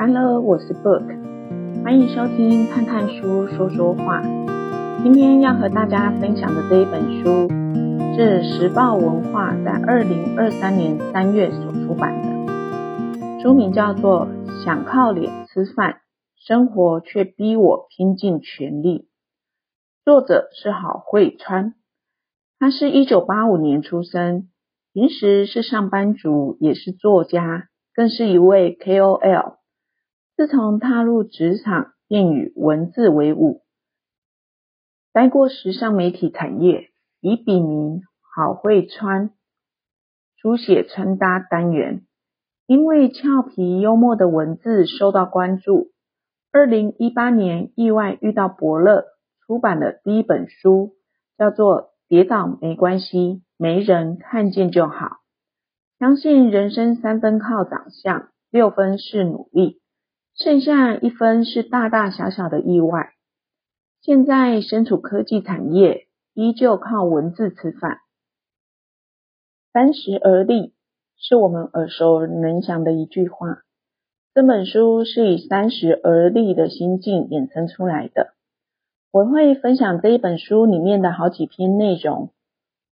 Hello，我是 Book，歡迎收聽《看看書說說話》。今天要和大家分享的這一本書，是時報文化在二零二三年三月所出版的，書名叫做《想靠臉吃飯，生活卻逼我拼盡全力》。作者是郝慧川，他是一九八五年出生，平時是上班族，也是作家，更是一位 KOL。自從踏入職場，便與文字為伍，待過時尚媒體產業，以筆名「郝慧川」書寫穿搭單元。因為俏皮幽默的文字受到關注，二零一八年意外遇到伯樂，出版的第一本書叫做《跌倒沒關係，沒人看見就好》。相信人生三分靠長相，六分是努力。剩下一分是大大小小的意外。現在身處科技產業，依舊靠文字吃飯。三十而立，是我們耳熟能詳的一句話。這本書是以三十而立的心境延伸出來的。我會分享這一本書裡面的好幾篇內容。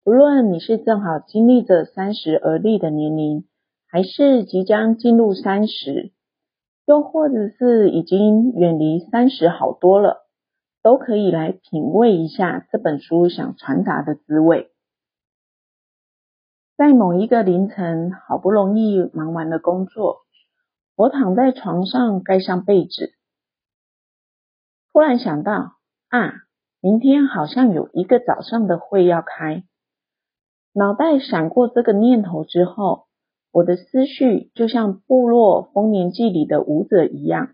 不論你是正好經歷着三十而立的年齡，還是即將進入三十。又或者是已經遠離三十好多了，都可以來品味一下這本書想傳達的滋味。在某一個凌晨，好不容易忙完了工作，我躺在床上蓋上被子，突然想到，啊，明天好像有一個早上的會要開。腦袋閃過這個念頭之後，我的思緒就像部落《豐年祭》裡的舞者一樣，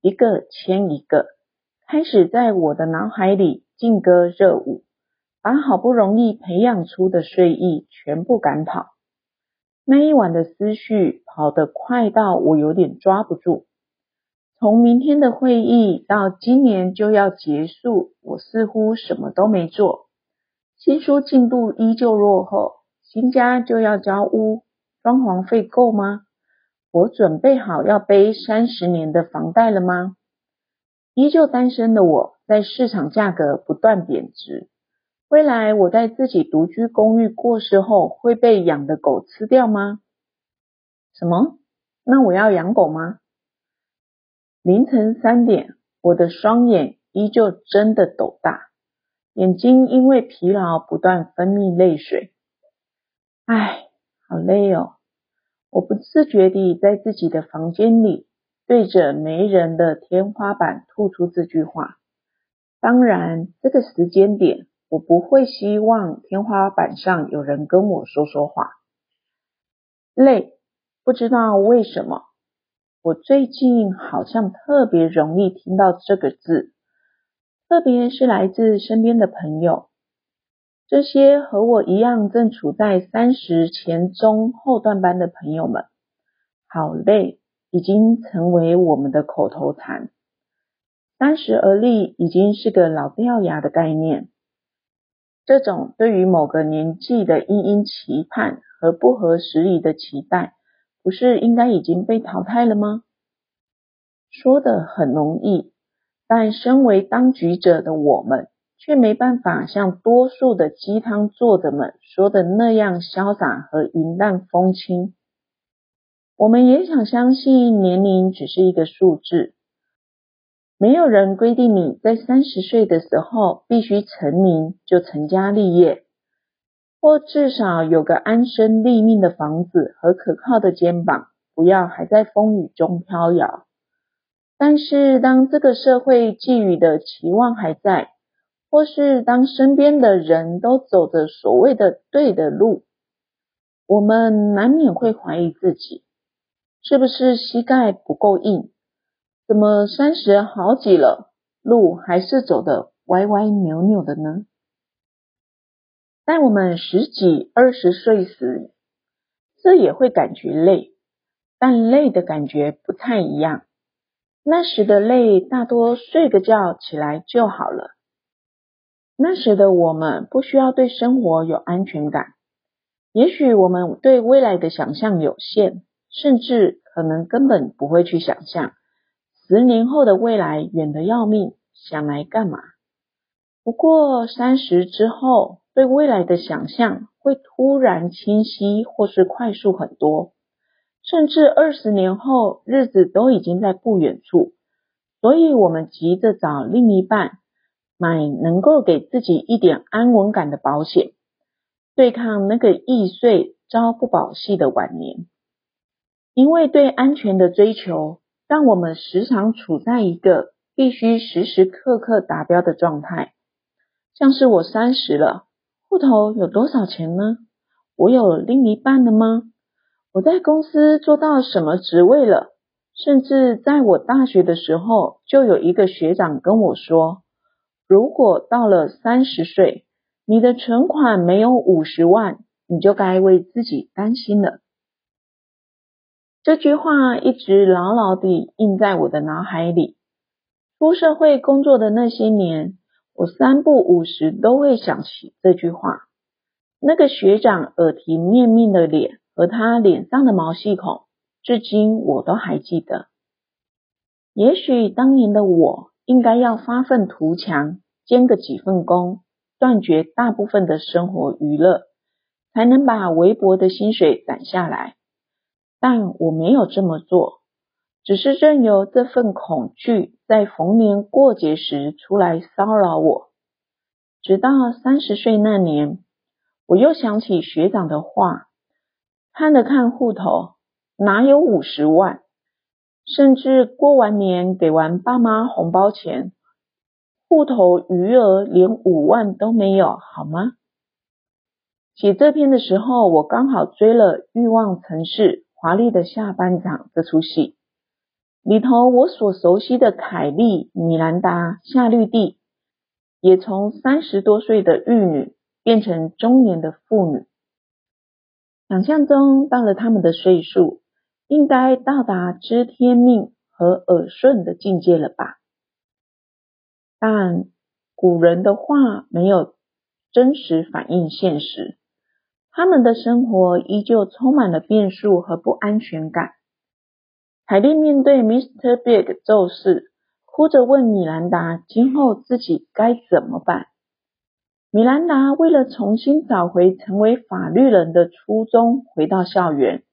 一個牽一個，開始在我的腦海裡勁歌熱舞，把好不容易培養出的睡意全部趕跑。那一晚的思緒跑得快到我有點抓不住。從明天的會議到今年就要結束，我似乎什麼都沒做。新書進度依舊落後，新家就要交屋。裝潢費夠嗎？我準備好要背三十年的房貸了嗎？依舊單身的我，在市場價格不斷貶值，未來我在自己獨居公寓過世後會被養的狗吃掉嗎？什麼？那我要養狗嗎？凌晨三點，我的雙眼依舊睜得斗大，眼睛因為疲勞不斷分泌淚水。唉。好累哦，我不自覺地在自己的房間裡，對着沒人的天花板吐出這句話。當然，這個時間點，我不會希望天花板上有人跟我說說話。累，不知道為什麼，我最近好像特別容易聽到這個字，特別是來自身邊的朋友。這些和我一樣正處在三十前中後段班的朋友們，好累，已經成為我們的口頭禪。三十而立已經是個老掉牙的概念。這種對於某個年紀的殷殷企盼和不合時宜的期待，不是應該已經被淘汰了嗎？說得很容易，但身為當局者的我們，卻沒辦法像多數的雞湯作者們說的那樣瀟灑和雲淡風輕。我們也想相信，年齡只是一個數字，沒有人規定你在三十歲的時候必須成名就成家立業，或至少有個安身立命的房子和可靠的肩膀，不要還在風雨中飄搖。但是，當這個社會寄予的期望還在，或是當身邊的人都走着所謂的對的路，我們難免會懷疑自己是不是膝蓋不夠硬，怎麼三十好幾了，路還是走得歪歪扭扭的呢？在我們十幾、二十歲時，這也會感覺累，但累的感覺不太一樣。那時的累，大多睡個覺起來就好了。那時的我們不需要對生活有安全感，也許我們對未來的想象有限，甚至可能根本不會去想象十年後的未來，遠得要命，想來幹嘛？不過三十之後，對未來的想象會突然清晰或是快速很多，甚至二十年後，日子都已經在不遠處，所以我們急着找另一半，買能夠給自己一點安穩感的保險，對抗那個易碎、朝不保夕的晚年。因為對安全的追求，讓我們時常處在一個必須時時刻刻達標的狀態。像是我三十了，戶頭有多少錢呢？我有另一半了嗎？我在公司做到什麼職位了？甚至在我大學的時候，就有一個學長跟我說，如果到了三十歲，你的存款沒有五十萬，你就該為自己擔心了。這句話一直牢牢地印在我的腦海裡。出社會工作的那些年，我三不五時都會想起這句話。那個學長耳提面命的臉和他臉上的毛細孔，至今我都還記得。也許當年的我。應該要發奮圖強，兼個幾份工，斷絕大部分的生活娛樂，才能把微薄的薪水攢下來。但我沒有這麼做，只是任由這份恐懼在逢年過節時出來騷擾我。直到三十歲那年，我又想起學長的話，看了看戶頭，哪有五十萬？甚至過完年給完爸媽紅包錢，戶頭餘額連五萬都沒有，好嗎？寫這篇的時候，我剛好追了《欲望城市》華麗的下半場這出戲，裡頭我所熟悉的凱莉、米蘭達、夏綠蒂，也從三十多歲的玉女變成中年的婦女。想象中到了他們的歲數。應該到達知天命和耳順的境界了吧？但古人的話沒有真實反映現實，他們的生活依舊充滿了變數和不安全感。凱莉面對 Mr. Big 驟逝，哭着問米蘭達：“今後自己該怎麼辦？”米蘭達為了重新找回成為法律人的初衷，回到校園。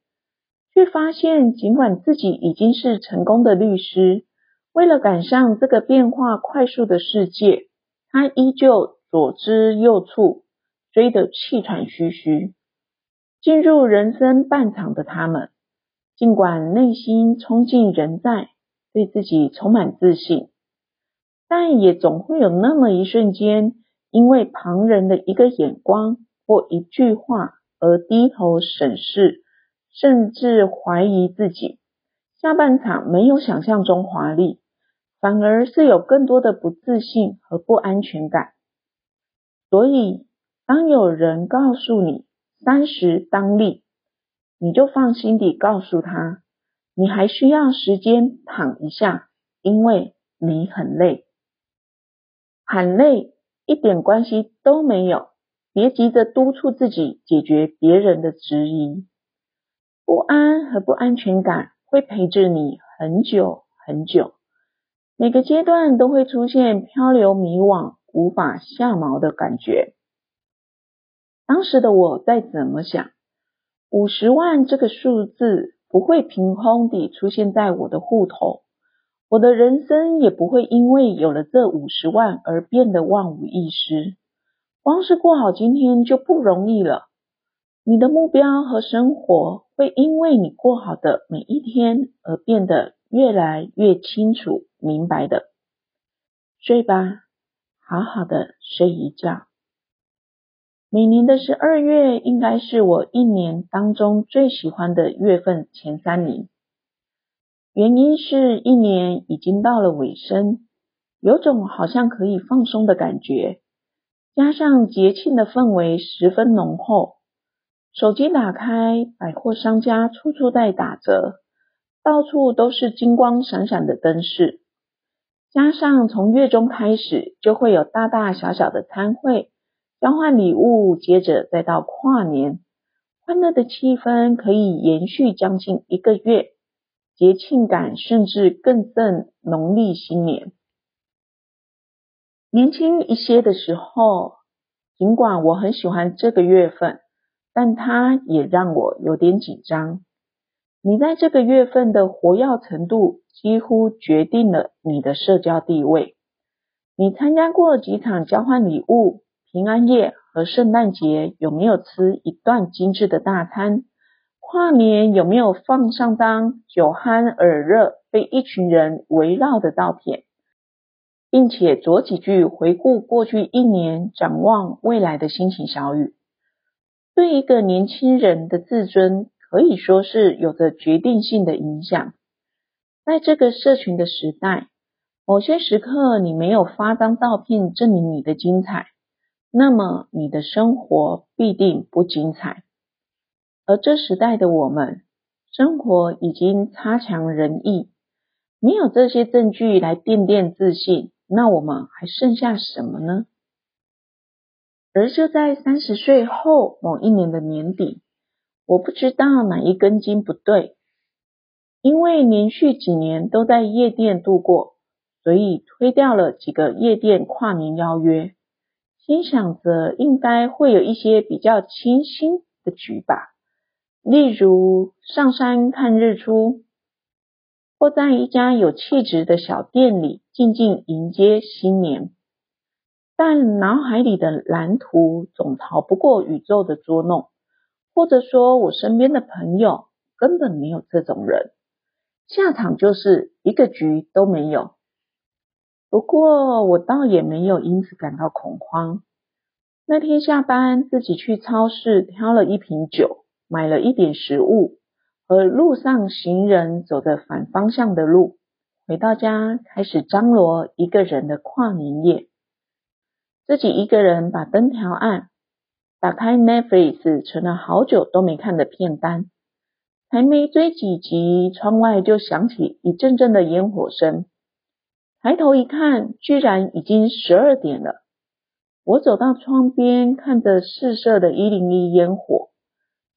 卻發現，儘管自己已經是成功的律師，為了趕上這個變化快速的世界，他依舊左支右絀，追得氣喘吁吁。進入人生半場的他們，儘管內心衝勁仍在，對自己充滿自信，但也總會有那麼一瞬間，因為旁人的一個眼光或一句話而低頭審視。甚至懷疑自己，下半場沒有想象中華麗，反而是有更多的不自信和不安全感。所以，當有人告訴你三十當立，你就放心地告訴他，你還需要時間躺一下，因為你很累。喊累一點關係都沒有，別急着督促自己解決別人的質疑。不安和不安全感會陪着你很久很久，每個階段都會出現漂流、迷惘、無法下錨的感覺。當時的我再怎麼想，五十萬這個數字不會憑空地出現在我的戶頭，我的人生也不會因為有了這五十萬而變得萬無一失。光是過好今天就不容易了，你的目標和生活會因為你過好的每一天而變得越來越清楚明白的。睡吧，好好的睡一覺。每年的十二月應該是我一年當中最喜歡的月份前三名，原因是一年已經到了尾聲，有種好像可以放鬆的感覺，加上節慶的氛圍十分濃厚。手機打開，百貨商家處處在打折，到處都是金光閃閃的燈飾。加上從月中開始就會有大大小小的餐會、交換禮物，接着再到跨年，歡樂的氣氛可以延續將近一個月，節慶感甚至更勝農曆新年。年輕一些的時候，儘管我很喜歡這個月份。但它也讓我有點緊張。你在這個月份的活躍程度幾乎決定了你的社交地位。你參加過幾場交換禮物、平安夜和聖誕節？有沒有吃一頓精緻的大餐？跨年有沒有放上張酒酣耳熱，被一群人圍繞的照片，並且佐幾句回顧過去一年、展望未來的心情小語？對一個年輕人的自尊，可以說是有着決定性的影響。在這個社群的時代，某些時刻你沒有發張照片證明你的精彩，那麼你的生活必定不精彩。而這時代的我們，生活已經差強人意，沒有這些證據來奠定自信，那我們還剩下什麼呢？而就在三十歲後某一年的年底，我不知道哪一根筋不對，因為連續幾年都在夜店度過，所以推掉了幾個夜店跨年邀約，心想着應該會有一些比較清新的局吧，例如上山看日出，或在一家有氣質的小店裡靜靜迎接新年。但腦海裡的藍圖總逃不過宇宙的捉弄，或者說我身邊的朋友根本沒有這種人，下場就是一個局都沒有。不過我倒也沒有因此感到恐慌。那天下班自己去超市挑了一瓶酒，買了一點食物，和路上行人走的反方向的路，回到家開始張羅一個人的跨年夜。自己一個人把燈調暗，打開 Netflix 存了好久都沒看的片單，還沒追幾集，窗外就響起一陣陣的煙火聲。抬頭一看，居然已經十二點了。我走到窗邊，看着四射的101煙火，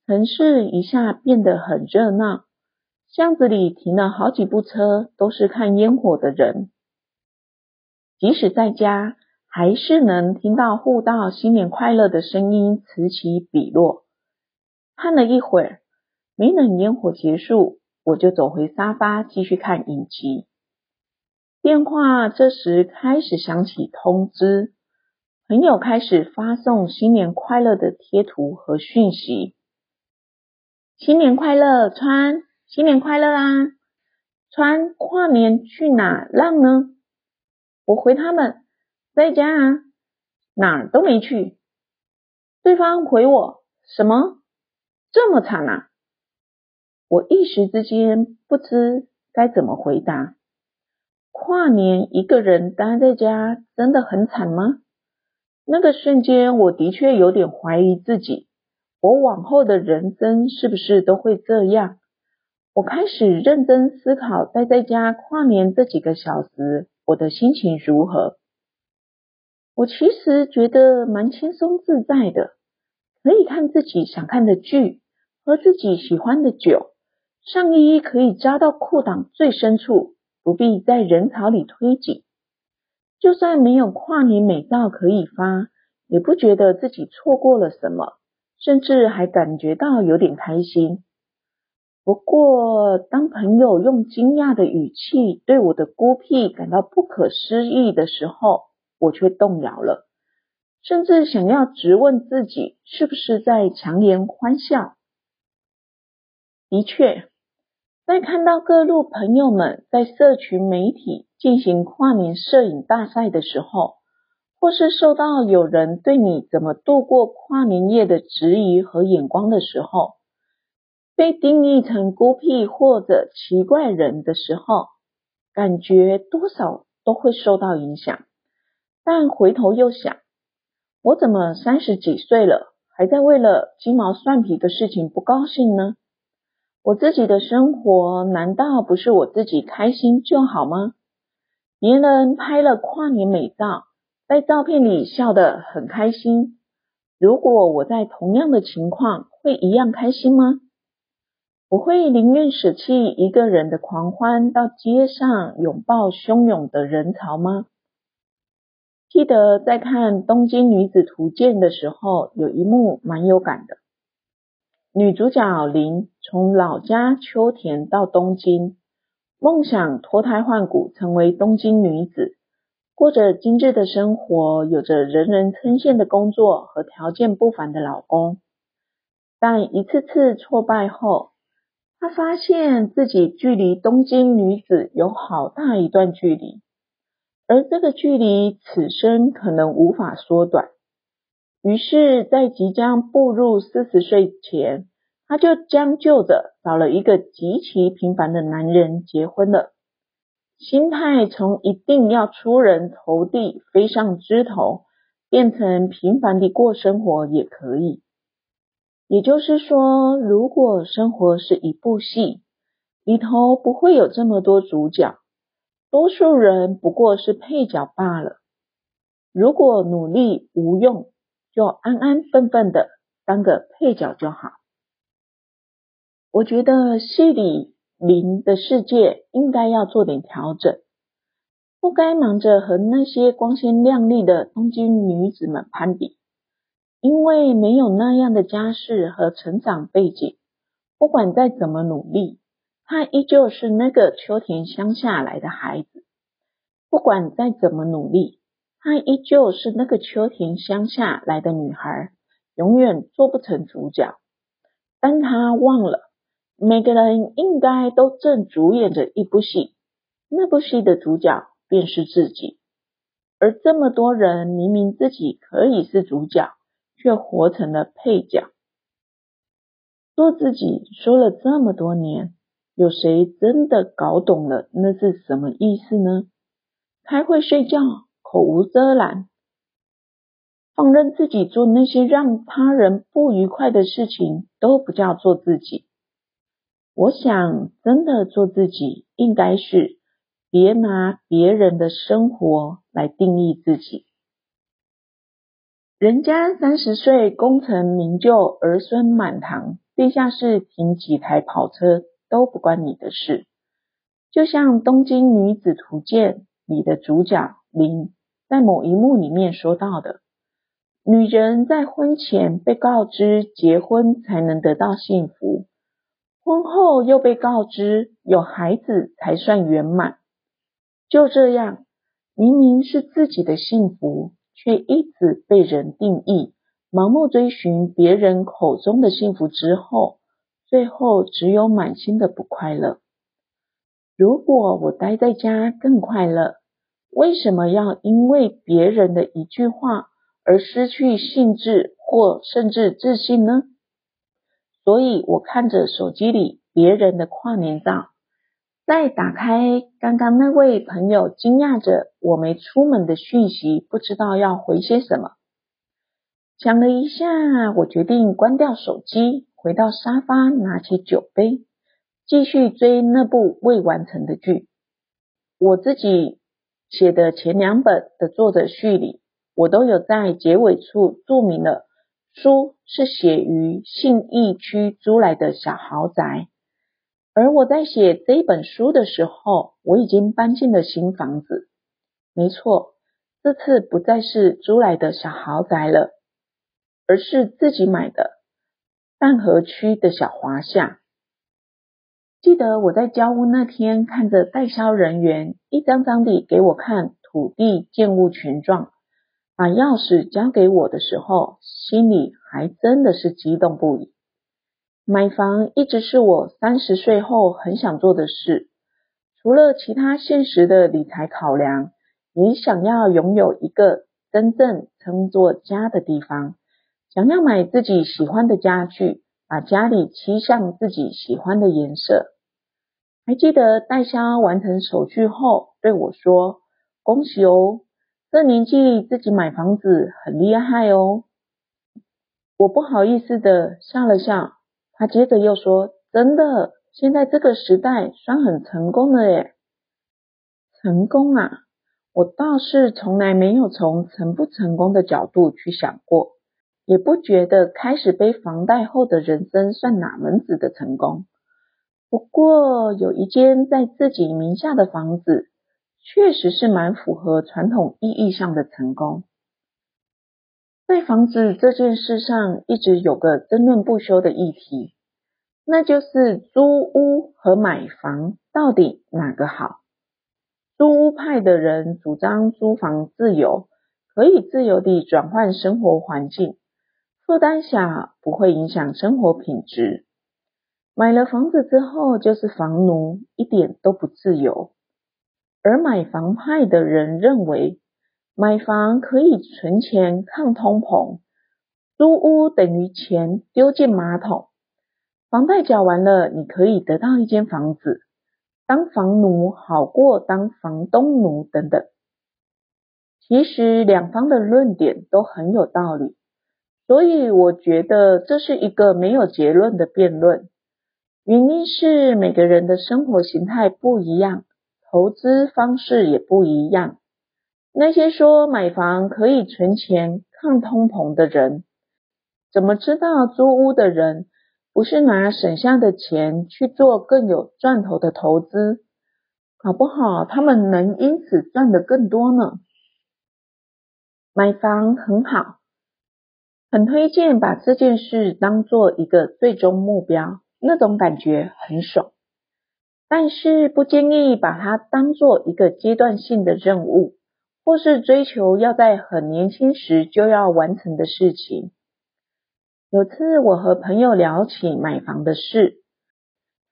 城市一下變得很熱鬧，巷子裡停了好幾部車，都是看煙火的人。即使在家。還是能聽到互道“新年快樂”的聲音此起彼落。看了一會兒，沒等煙火結束，我就走回沙發繼續看影集。電話這時開始響起通知，朋友開始發送“新年快樂”的貼圖和訊息。“新年快樂，川！新年快樂啦！川，跨年去哪浪呢？”我回他們。在家啊，哪兒都沒去。對方回我：“什麼？這麼慘啊？”我一時之間不知該怎麼回答。跨年一個人待在家，真的很慘嗎？那個瞬間，我的確有點懷疑自己。我往後的人生是不是都會這樣？我開始認真思考，待在家跨年這幾個小時，我的心情如何？我其實覺得蠻輕鬆自在的，可以看自己想看的劇，喝自己喜歡的酒，上衣可以扎到褲襠最深處，不必在人潮裡推擠。就算沒有跨年美照可以發，也不覺得自己錯過了什麼，甚至還感覺到有點開心。不過，當朋友用驚訝的語氣對我的孤僻感到不可思議的時候，我卻動搖了，甚至想要質問自己是不是在強顏歡笑。的確，在看到各路朋友們在社群媒體進行跨年攝影大賽的時候，或是受到有人對你怎麼度過跨年夜的質疑和眼光的時候，被定義成孤僻或者奇怪人的時候，感覺多少都會受到影響。但回頭又想，我怎麼三十幾歲了，還在為了雞毛蒜皮的事情不高興呢？我自己的生活難道不是我自己開心就好嗎？別人拍了跨年美照，在照片裡笑得很開心。如果我在同樣的情況，會一樣開心嗎？我會寧願捨棄一個人的狂歡，到街上擁抱洶湧的人潮嗎？記得在看《東京女子圖鑑》的時候，有一幕蠻有感的。女主角林從老家秋田到東京，夢想脫胎換骨，成為東京女子，過着精緻的生活，有着人人稱羨的工作和條件不凡的老公。但一次次挫敗後，她發現自己距離東京女子有好大一段距離。而這個距離，此生可能無法縮短。於是，在即將步入四十歲前，他就將就着找了一個極其平凡的男人結婚了。心態從一定要出人頭地、飛上枝頭，變成平凡的過生活也可以。也就是說，如果生活是一部戲，裡頭不會有這麼多主角。多數人不過是配角罷了。如果努力無用，就安安分分的當個配角就好。我覺得戲裡林的世界應該要做點調整，不該忙着和那些光鮮亮麗的東京女子們攀比，因為沒有那樣的家世和成長背景，不管再怎麼努力。她依舊是那個秋田鄉下來的孩子，不管再怎麼努力，她依舊是那個秋田鄉下來的女孩，永遠做不成主角。但她忘了，每個人應該都正主演着一部戲，那部戲的主角便是自己。而這麼多人明明自己可以是主角，卻活成了配角。做自己說了這麼多年。有誰真的搞懂了那是什麼意思呢？開會睡覺，口無遮攔，放任自己做那些讓他人不愉快的事情，都不叫做自己。我想，真的做自己，應該是別拿別人的生活來定義自己。人家三十歲功成名就，兒孫滿堂，地下室停幾台跑車。都不關你的事，就像《東京女子圖鑑》裡的主角林在某一幕裡面說到的：女人在婚前被告知結婚才能得到幸福，婚後又被告知有孩子才算圓滿。就這樣，明明是自己的幸福，卻一直被人定義，盲目追尋別人口中的幸福之後。最後只有滿心的不快樂。如果我待在家更快樂，為什麼要因為別人的一句話而失去興致或甚至自信呢？所以，我看着手機裡別人的跨年照，再打開剛剛那位朋友驚訝着我沒出門的訊息，不知道要回些什麼。想了一下，我決定關掉手機。回到沙發，拿起酒杯，繼續追那部未完成的劇。我自己寫的前兩本的作者序裡，我都有在結尾處注明了，書是寫於信義區租來的小豪宅。而我在寫這本書的時候，我已經搬進了新房子。沒錯，這次不再是租來的小豪宅了，而是自己買的。萬河區的小華夏，記得我在交屋那天，看着代銷人員一張張地給我看土地建物權狀，把鑰匙交給我的時候，心裡還真的是激動不已。買房一直是我三十歲後很想做的事，除了其他現實的理財考量，也想要擁有一個真正稱作家的地方。想要買自己喜歡的家具，把家裡漆上自己喜歡的顏色。還記得代銷完成手續後對我說：“恭喜哦，這年紀自己買房子很厲害哦。”我不好意思的笑了笑。他接着又說：“真的，現在這個時代算很成功了耶。”成功啊，我倒是從來沒有從成不成功的角度去想過。也不覺得開始背房貸後的人生算哪門子的成功。不過有一間在自己名下的房子，確實是蠻符合傳統意義上的成功。在房子這件事上，一直有個爭論不休的議題，那就是租屋和買房到底哪個好？租屋派的人主張租房自由，可以自由地轉換生活環境。負擔下不會影響生活品質，買了房子之後就是房奴，一點都不自由。而買房派的人認為，買房可以存錢抗通膨，租屋等於錢丟進馬桶。房貸繳完了，你可以得到一間房子，當房奴好過當房東奴等等。其實兩方的論點都很有道理。所以我覺得這是一個沒有結論的辯論，原因是每個人的生活形態不一樣，投資方式也不一樣。那些說買房可以存錢抗通膨的人，怎麼知道租屋的人不是拿省下的錢去做更有賺頭的投資？搞不好他們能因此賺得更多呢？買房很好。很推薦把這件事當做一個最終目標，那種感覺很爽。但是不建議把它當做一個階段性的任務，或是追求要在很年輕時就要完成的事情。有次我和朋友聊起買房的事，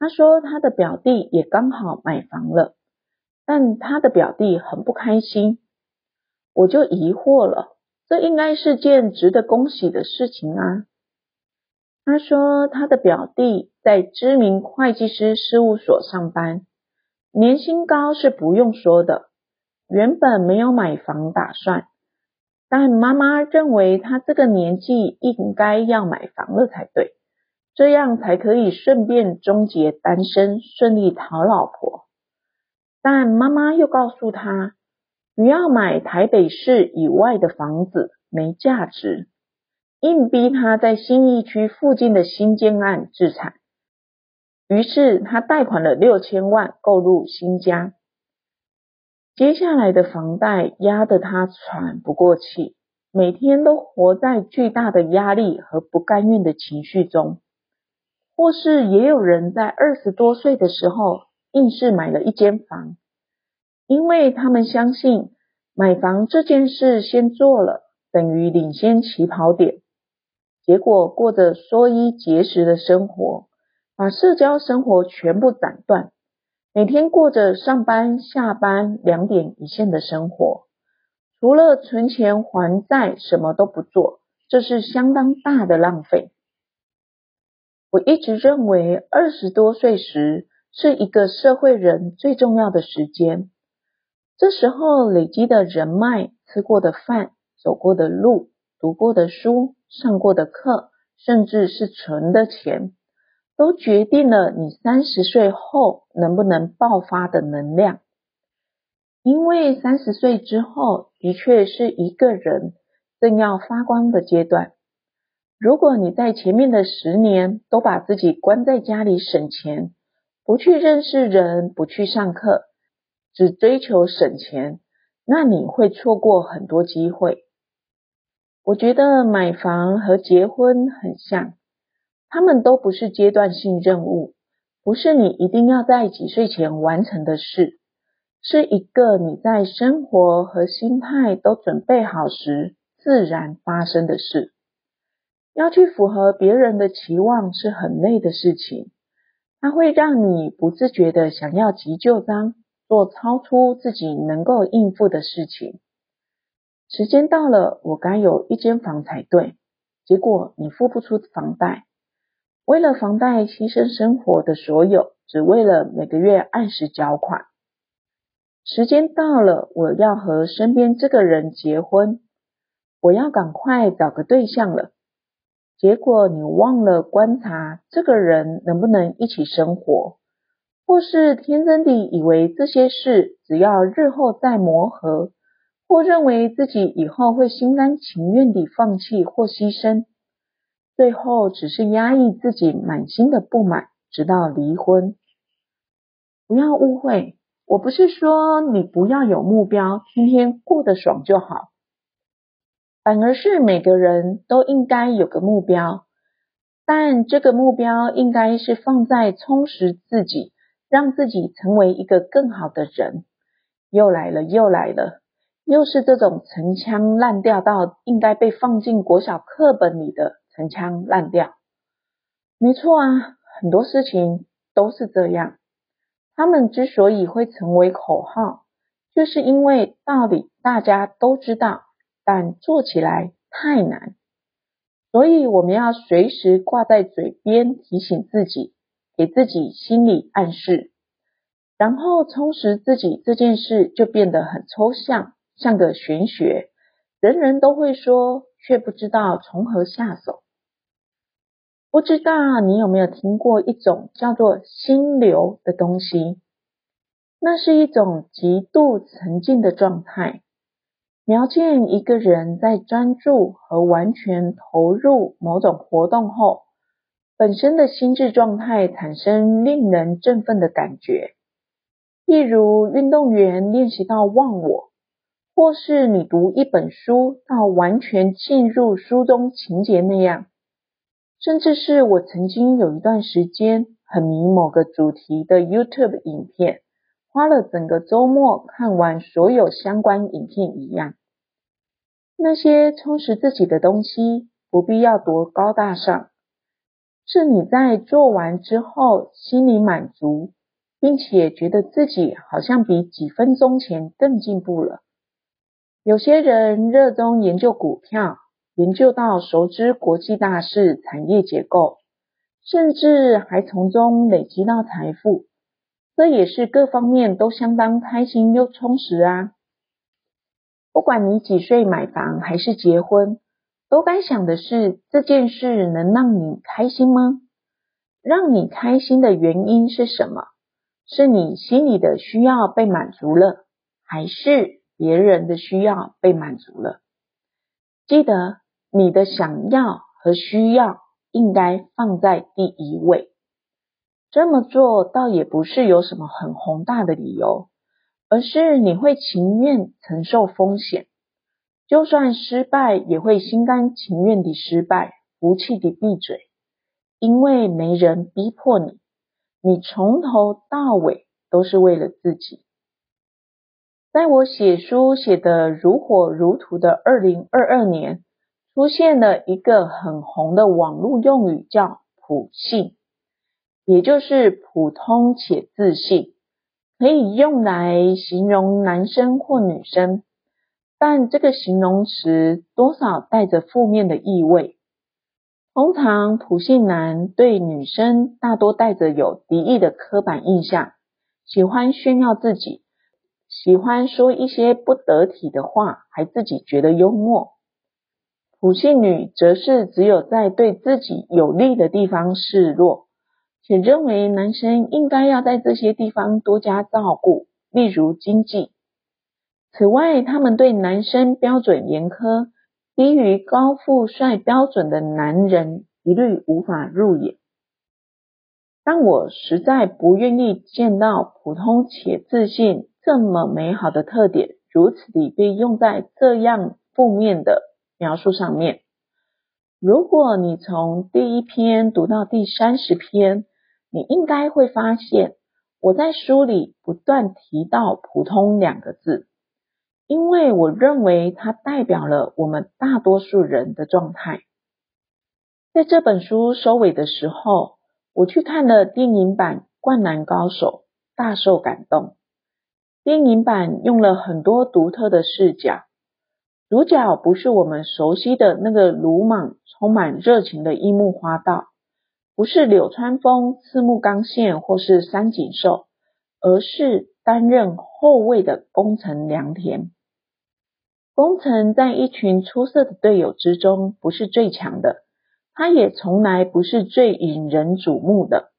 他說他的表弟也剛好買房了，但他的表弟很不開心，我就疑惑了。這應該是件值得恭喜的事情啊！他說，他的表弟在知名會計師事務所上班，年薪高是不用說的。原本沒有買房打算，但媽媽認為他這個年紀應該要買房了才對，這樣才可以順便終結單身，順利討老婆。但媽媽又告訴他。你要買台北市以外的房子沒價值，硬逼他在信義區附近的新建案置產，於是他貸款了六千萬購入新家，接下來的房貸壓得他喘不過氣，每天都活在巨大的壓力和不甘願的情緒中。或是也有人在二十多歲的時候，硬是買了一間房。因為他們相信買房這件事先做了，等於領先起跑點。結果過着縮衣節食的生活，把社交生活全部斬斷，每天過着上班下班兩點一線的生活，除了存錢還債什麼都不做，這是相當大的浪費。我一直認為，二十多歲時是一個社會人最重要的時間。這時候累積的人脈、吃過的飯、走過的路、讀過的書、上過的課，甚至是存的錢，都決定了你三十歲後能不能爆發的能量。因為三十歲之後的確是一個人正要發光的階段。如果你在前面的十年都把自己關在家裡省錢，不去認識人，不去上課。只追求省錢，那你會錯過很多機會。我覺得買房和結婚很像，它們都不是階段性任務，不是你一定要在幾歲前完成的事，是一個你在生活和心態都準備好時自然發生的事。要去符合別人的期望是很累的事情，它會讓你不自覺地想要急就章。做超出自己能夠應付的事情，時間到了，我該有一間房才對。結果你付不出房貸，為了房貸犧牲生活的所有，只為了每個月按時繳款。時間到了，我要和身邊這個人結婚，我要趕快找個對象了。結果你忘了觀察這個人能不能一起生活。或是天真地以為這些事只要日後再磨合，或認為自己以後會心甘情願地放棄或犧牲，最後只是壓抑自己滿心的不滿，直到離婚。不要誤會，我不是說你不要有目標，天天過得爽就好，反而是每個人都應該有個目標，但這個目標應該是放在充實自己。讓自己成為一個更好的人。又來了，又來了，又是這種陳腔濫調到應該被放進國小課本裡的陳腔濫調。沒錯啊，很多事情都是這樣。他們之所以會成為口號，就是因為道理大家都知道，但做起來太難。所以我們要隨時掛在嘴邊提醒自己。給自己心理暗示，然後充實自己這件事就變得很抽象，像個玄學，人人都會說，卻不知道從何下手。不知道你有沒有聽過一種叫做心流的東西？那是一種極度沉浸的狀態。瞄見一個人在專注和完全投入某種活動後。本身的心智狀態產生令人振奮的感覺，例如運動員練習到忘我，或是你讀一本書到完全進入書中情節那樣，甚至是我曾經有一段時間很迷某個主題的 YouTube 影片，花了整個周末看完所有相關影片一樣。那些充實自己的東西，不必要多高大上。是你在做完之後心裡滿足，並且覺得自己好像比幾分鐘前更進步了。有些人熱衷研究股票，研究到熟知國際大事、產業結構，甚至還從中累積到財富，這也是各方面都相當開心又充實啊。不管你幾歲買房還是結婚，都該想的是這件事能讓你開心嗎？讓你開心的原因是什麼？是你心裡的需要被滿足了，還是別人的需要被滿足了？記得你的想要和需要應該放在第一位。這麼做倒也不是有什麼很宏大的理由，而是你會情願承受風險。就算失敗，也會心甘情願地失敗，服氣地閉嘴，因為沒人逼迫你，你從頭到尾都是為了自己。在我寫書寫得如火如荼的二零二二年，出現了一個很紅的網絡用語，叫“普信”，也就是普通且自信，可以用來形容男生或女生。但這個形容詞多少帶着負面的意味。通常，普信男對女生大多帶着有敵意的刻板印象，喜歡炫耀自己，喜歡說一些不得體的話，還自己覺得幽默。普信女則是只有在對自己有利的地方示弱，且認為男生應該要在這些地方多加照顧，例如經濟。此外，他們對男生標準嚴苛，低於高富帥標準的男人一律無法入眼。但我實在不願意見到普通且自信這麼美好的特點，如此的被用在這樣負面的描述上面。如果你從第一篇讀到第三十篇，你應該會發現我在書裡不斷提到“普通”兩個字。因為我認為它代表了我們大多數人的狀態。在這本書收尾的時候，我去看了電影版《灌籃高手》，大受感動。電影版用了很多獨特的視角，主角不是我們熟悉的那個魯莽、充滿熱情的櫻木花道，不是流川楓、赤木剛憲或是三井壽，而是擔任後衛的宮城良田。宮城在一群出色的隊友之中不是最強的，他也從來不是最引人矚目的。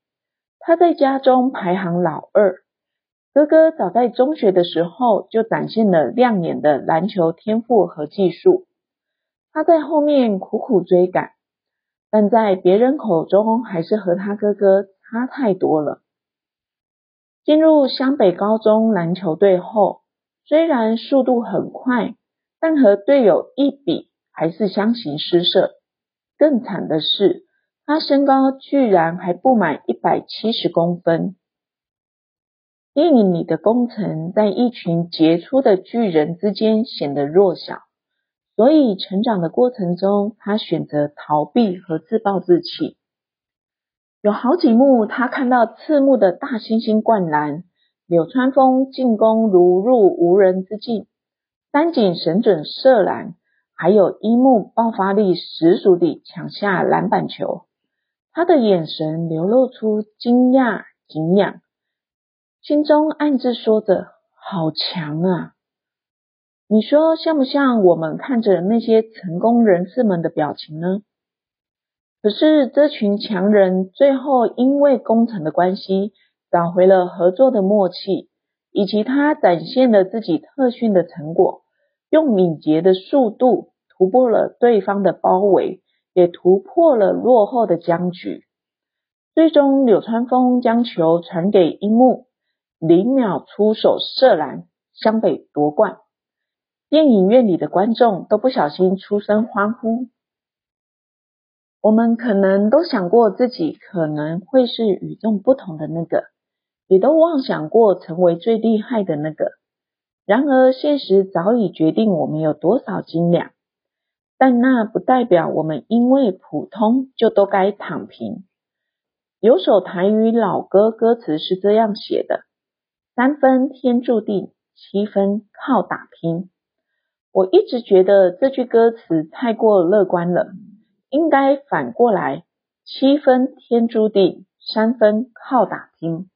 他在家中排行老二，哥哥早在中學的時候就展現了亮眼的籃球天賦和技術，他在後面苦苦追趕，但在別人口中還是和他哥哥差太多了。進入湘北高中籃球隊後，雖然速度很快。但和隊友一比，還是相形失色。更慘的是，他身高居然還不滿一百七十公分。電影裡的宮城在一群傑出的巨人之間顯得弱小，所以成長的過程中，他選擇逃避和自暴自棄。有好幾幕，他看到刺目的大猩猩灌籃，流川楓進攻如入無人之境。三井神準射籃，還有櫻木爆發力十足地搶下籃板球，他的眼神流露出驚訝、敬仰，心中暗自說着：“好強啊！”你說像不像我們看着那些成功人士們的表情呢？可是這群強人最後因為工程的關係，找回了合作的默契，以及他展現了自己特訓的成果。用敏捷的速度突破了對方的包圍，也突破了落後的僵局。最終，流川楓將球傳給櫻木，零秒出手射籃，湘北奪冠。電影院裡的觀眾都不小心出聲歡呼。我們可能都想過自己可能會是與眾不同的那個，也都妄想過成為最厲害的那個。然而，現實早已決定我們有多少斤兩，但那不代表我們因為普通就都該躺平。有首台語老歌歌詞是這樣寫的：“三分天注定，七分靠打拼。”我一直覺得這句歌詞太過樂觀了，應該反過來：“七分天注定，三分靠打拼。”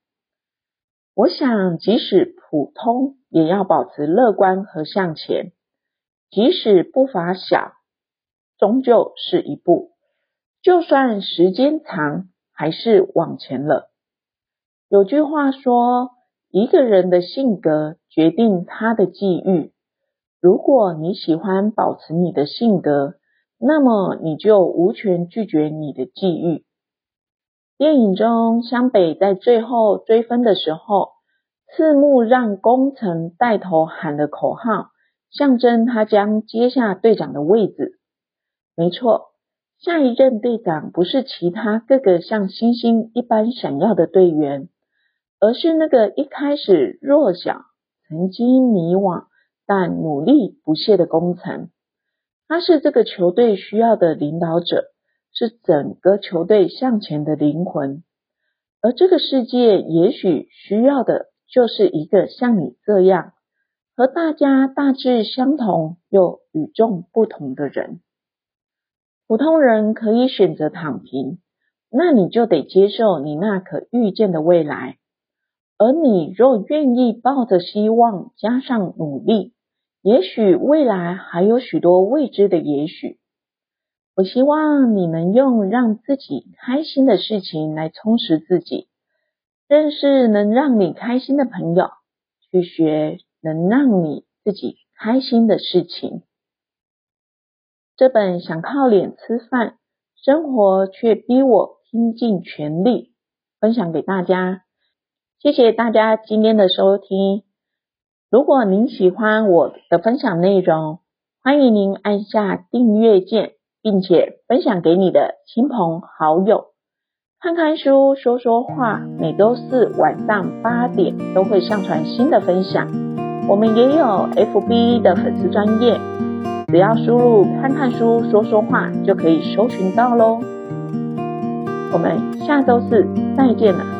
我想，即使普通。也要保持樂觀和向前，即使步伐小，終究是一步；就算時間長，還是往前了。有句話說：“一個人的性格決定他的際遇。”如果你喜歡保持你的性格，那麼你就無權拒絕你的際遇。電影中，湘北在最後追分的時候，赤木讓工程帶頭喊的口號，象徵他將接下隊長的位置。沒錯，下一任隊長不是其他各個像星星一般閃耀的隊員，而是那個一開始弱小，曾經迷惘但努力不懈的工程，他是這個球隊需要的領導者，是整個球隊向前的靈魂。而這個世界也許需要的，就是一個像你這樣和大家大致相同又與眾不同的人。普通人可以選擇躺平，那你就得接受你那可預見的未來。而你若願意抱着希望加上努力，也許未來還有許多未知的也許。我希望你能用讓自己開心的事情來充實自己。認識能讓你開心的朋友，去學能讓你自己開心的事情。這本《想靠臉吃飯，生活卻逼我拼盡全力》分享給大家，謝謝大家今天的收聽。如果您喜歡我的分享內容，歡迎您按下訂閱鍵，並且分享給你的親朋好友。看看書，說說話，每周四晚上八點都會上傳新的分享。我們也有 FB 的粉絲專頁，只要輸入“看看書說說話”就可以搜尋到嘍。我們下周四再見了。